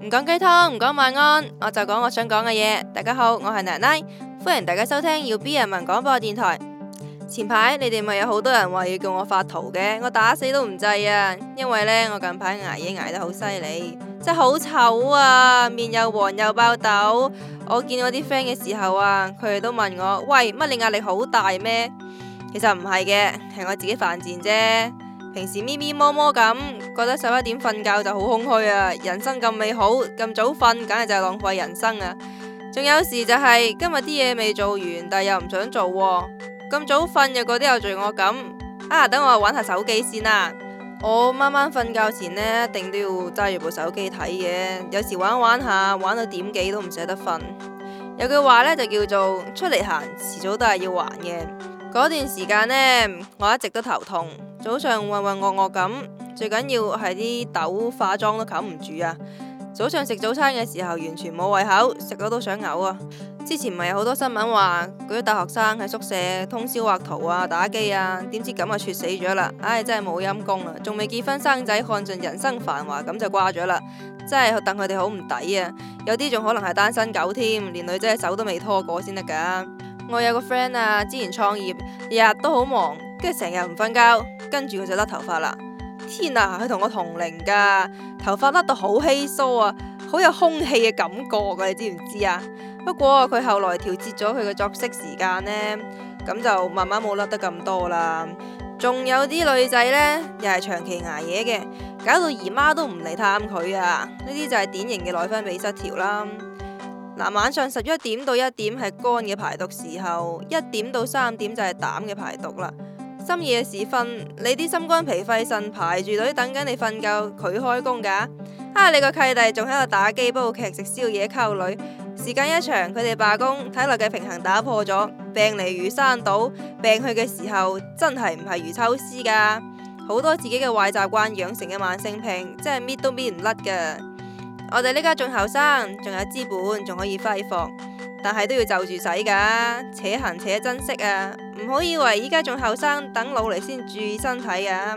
唔講雞湯，唔講晚安，我就講我想講嘅嘢。大家好，我係奶奶，歡迎大家收聽要 B 人民廣播電台。前排你哋咪有好多人話要叫我發圖嘅，我打死都唔制啊！因為呢，我近排捱夜捱得好犀利，真係好醜啊，面又黃又爆痘。我見我啲 friend 嘅時候啊，佢哋都問我：喂，乜你壓力好大咩？其實唔係嘅，係我自己犯賤啫。平時咪咪摸摸咁，覺得十一點瞓覺就好空虛啊！人生咁美好，咁早瞓簡直就係浪費人生啊！仲有時就係、是、今日啲嘢未做完，但係又唔想做、啊，咁早瞓又覺得有罪惡感啊！等我玩下手機先啦。我晚晚瞓覺前呢，一定都要揸住部手機睇嘅，有時玩一玩下，玩到點幾都唔捨得瞓。有句話呢，就叫做出嚟行，遲早都係要還嘅。嗰段時間呢，我一直都頭痛，早上渾渾噩噩咁，最緊要係啲痘化妝都冚唔住啊！早上食早餐嘅時候完全冇胃口，食咗都想嘔啊！之前咪有好多新聞話嗰啲大學生喺宿舍通宵畫圖啊、打機啊，點知咁就猝死咗啦！唉，真係冇陰功啊！仲未結婚生仔，看盡人生繁華，咁就掛咗啦！真係戥佢哋好唔抵啊！有啲仲可能係單身狗添，連女仔嘅手都未拖過先得噶。我有個 friend 啊，之前創業日日都好忙，跟住成日唔瞓覺，跟住佢就甩頭髮啦。天啊，佢同我同齡噶，頭髮甩到好稀疏啊，好有空氣嘅感覺噶，你知唔知啊？不過佢後來調節咗佢嘅作息時間呢，咁就慢慢冇甩得咁多啦。仲有啲女仔呢，又係長期挨夜嘅，搞到姨媽都唔嚟探佢啊。呢啲就係典型嘅內分泌失調啦。嗱，晚上十一點到一點係肝嘅排毒時候，一點到三點就係膽嘅排毒啦。深夜時分，你啲心肝脾肺腎排住隊等緊你瞓覺，佢開工㗎。啊，你個契弟仲喺度打機煲劇食宵夜溝女，時間一長，佢哋罷工，體內嘅平衡打破咗，病嚟如山倒，病去嘅時候真係唔係如抽絲㗎。好多自己嘅壞習慣養成嘅慢性病，真係搣都搣唔甩㗎。我哋呢家仲後生，仲有資本，仲可以揮霍，但係都要就住使噶，且行且珍惜啊！唔好以為依家仲後生，等老嚟先注意身體啊！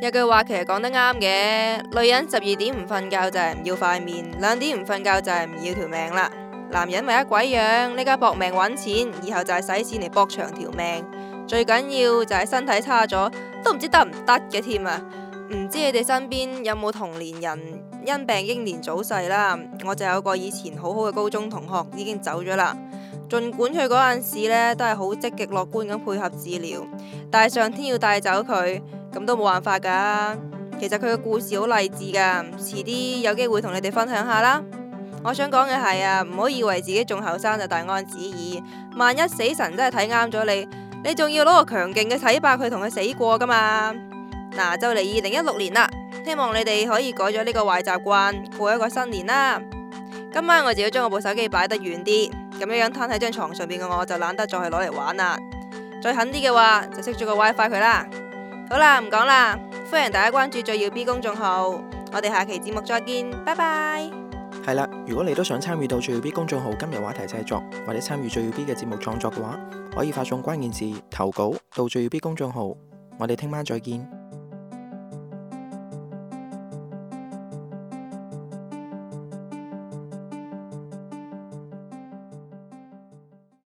有句話其實講得啱嘅，女人十二點唔瞓覺就係唔要塊面，兩點唔瞓覺就係唔要條命啦。男人為一鬼樣，呢家搏命揾錢，以後就係使錢嚟搏長條命，最緊要就係身體差咗，都唔知得唔得嘅添啊！唔知你哋身邊有冇同齡人因病英年早逝啦？我就有個以前好好嘅高中同學已經走咗啦。儘管佢嗰陣時呢都係好積極樂觀咁配合治療，但係上天要帶走佢咁都冇辦法噶。其實佢嘅故事好勵志噶，遲啲有機會同你哋分享下啦。我想講嘅係啊，唔好以為自己仲後生就大安旨意，萬一死神真係睇啱咗你，你仲要攞個強勁嘅體魄去同佢死過噶嘛？嗱、啊，就嚟二零一六年啦，希望你哋可以改咗呢個壞習慣，過一個新年啦。今晚我就要將我部手機擺得遠啲，咁樣樣攤喺張床上邊嘅我就懶得再去攞嚟玩啦。再狠啲嘅話就熄咗個 WiFi 佢啦。好啦，唔講啦，歡迎大家關注最耀 B 公眾號，我哋下期節目再見，拜拜。係啦，如果你都想參與到最耀 B 公眾號今日話題製作，或者參與最耀 B 嘅節目創作嘅話，可以發送關鍵字投稿到最耀 B 公眾號，我哋聽晚再見。